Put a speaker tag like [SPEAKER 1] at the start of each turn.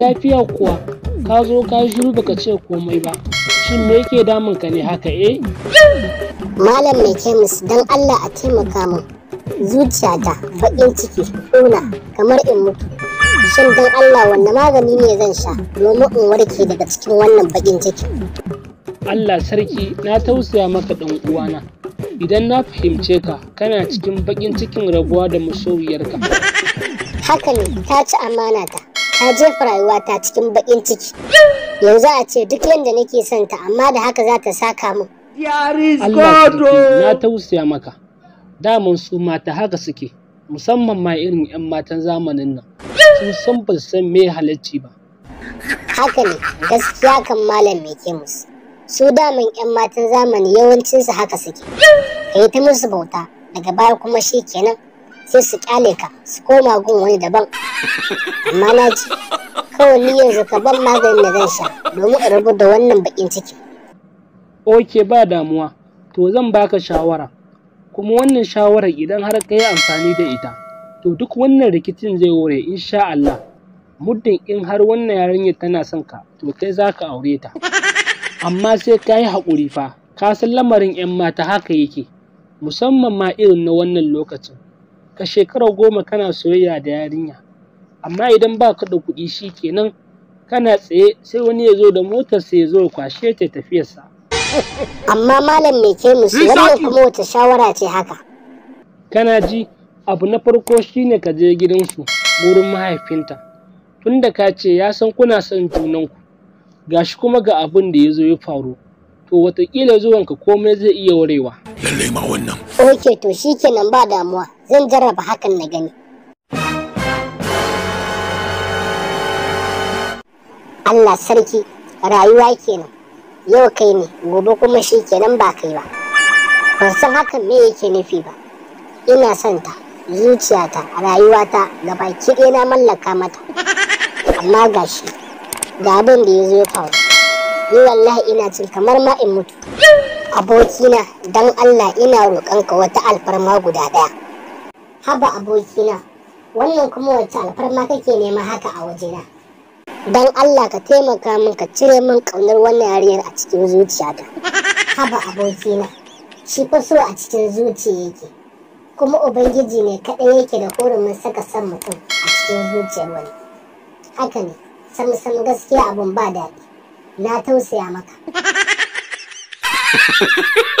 [SPEAKER 1] Lafiya kuwa, ka zo ka shiru baka ce komai ba. Shin me yake damun ka ne haka eh?
[SPEAKER 2] Malam mai kemis dan Allah a taimaka min. Zuciyata baƙin ciki ƙuna kamar in mutu. Shin don Allah wanne magani ne zan sha domin in warke daga cikin wannan baƙin ciki?
[SPEAKER 1] Allah sarki na tausaya maka ɗan uwana. Idan na fahimce ka kana cikin baƙin cikin rabuwa da masoyiyarka.
[SPEAKER 2] Haka ne ta ci amana ta. ta jefa rayuwata cikin bakin ciki yanzu a ce duk yadda nake son ta amma da haka za ta saka min Allah na
[SPEAKER 1] oh. tausaya maka daman su mata haka suke musamman ma irin 'yan matan zamanin nan
[SPEAKER 2] sun san ba san me halacci ba haka ne gaskiya kan malam mai ke musu su daman 'yan matan zamani yawancinsu haka suke ka yi ta musu bauta daga baya kuma shi kenan sai su kyale ka su koma gun wani daban amma na ji kawai ni yanzu ka ban maganin da zan sha domin a rabu
[SPEAKER 1] da wannan bakin ciki oke ba damuwa to zan baka shawara kuma wannan shawarar idan har ka yi amfani da ita to duk wannan rikicin zai wure insha Allah muddin in har wannan yarinya tana son ka to kai za ka aure ta amma sai ka yi haƙuri fa ka san lamarin 'yan mata haka yake musamman ma irin na wannan lokacin ka shekara goma kana soyayya da yarinya amma idan ba ka da kuɗi shi kenan kana tsaye sai wani ya zo da motarsa ya zo ya kwashe ta tafiyarsa.
[SPEAKER 2] amma malam mai ke musu wannan kuma wata shawara
[SPEAKER 1] ce haka. kana ji abu na farko shine ka je gidansu wurin mahaifinta tunda ka ce ya san kuna son junanku gashi kuma ga abin da ya zo ya faru to wataƙila zuwanka komai zai iya warewa. lallai ma
[SPEAKER 2] wannan. ok to shikenan ba damuwa. zan jarraba hakan na gani Allah sarki rayuwa kenan yau kai ne gobe kuma shi kenan ba kai ba ban san hakan me yake nufi ba ina son ta zuciyata rayuwata gabaki ɗaya na mallaka mata amma gashi ga abin da ya zo faru ni wallahi ina cin kamar ma in mutu abokina don allah ina roƙonka wata alfarma guda ɗaya haba abokina wannan kuma wacce alfarma kake nema haka a wajena don Allah ka taimaka min ka cire min ƙaunar wannan yariyar a cikin zuciyata haba abokina shi fa so a cikin zuciya yake kuma ubangiji ne kaɗai yake da horumin saka son mutum a cikin zuciyar wani haka ne sam sam gaskiya abun ba daɗi na tausaya maka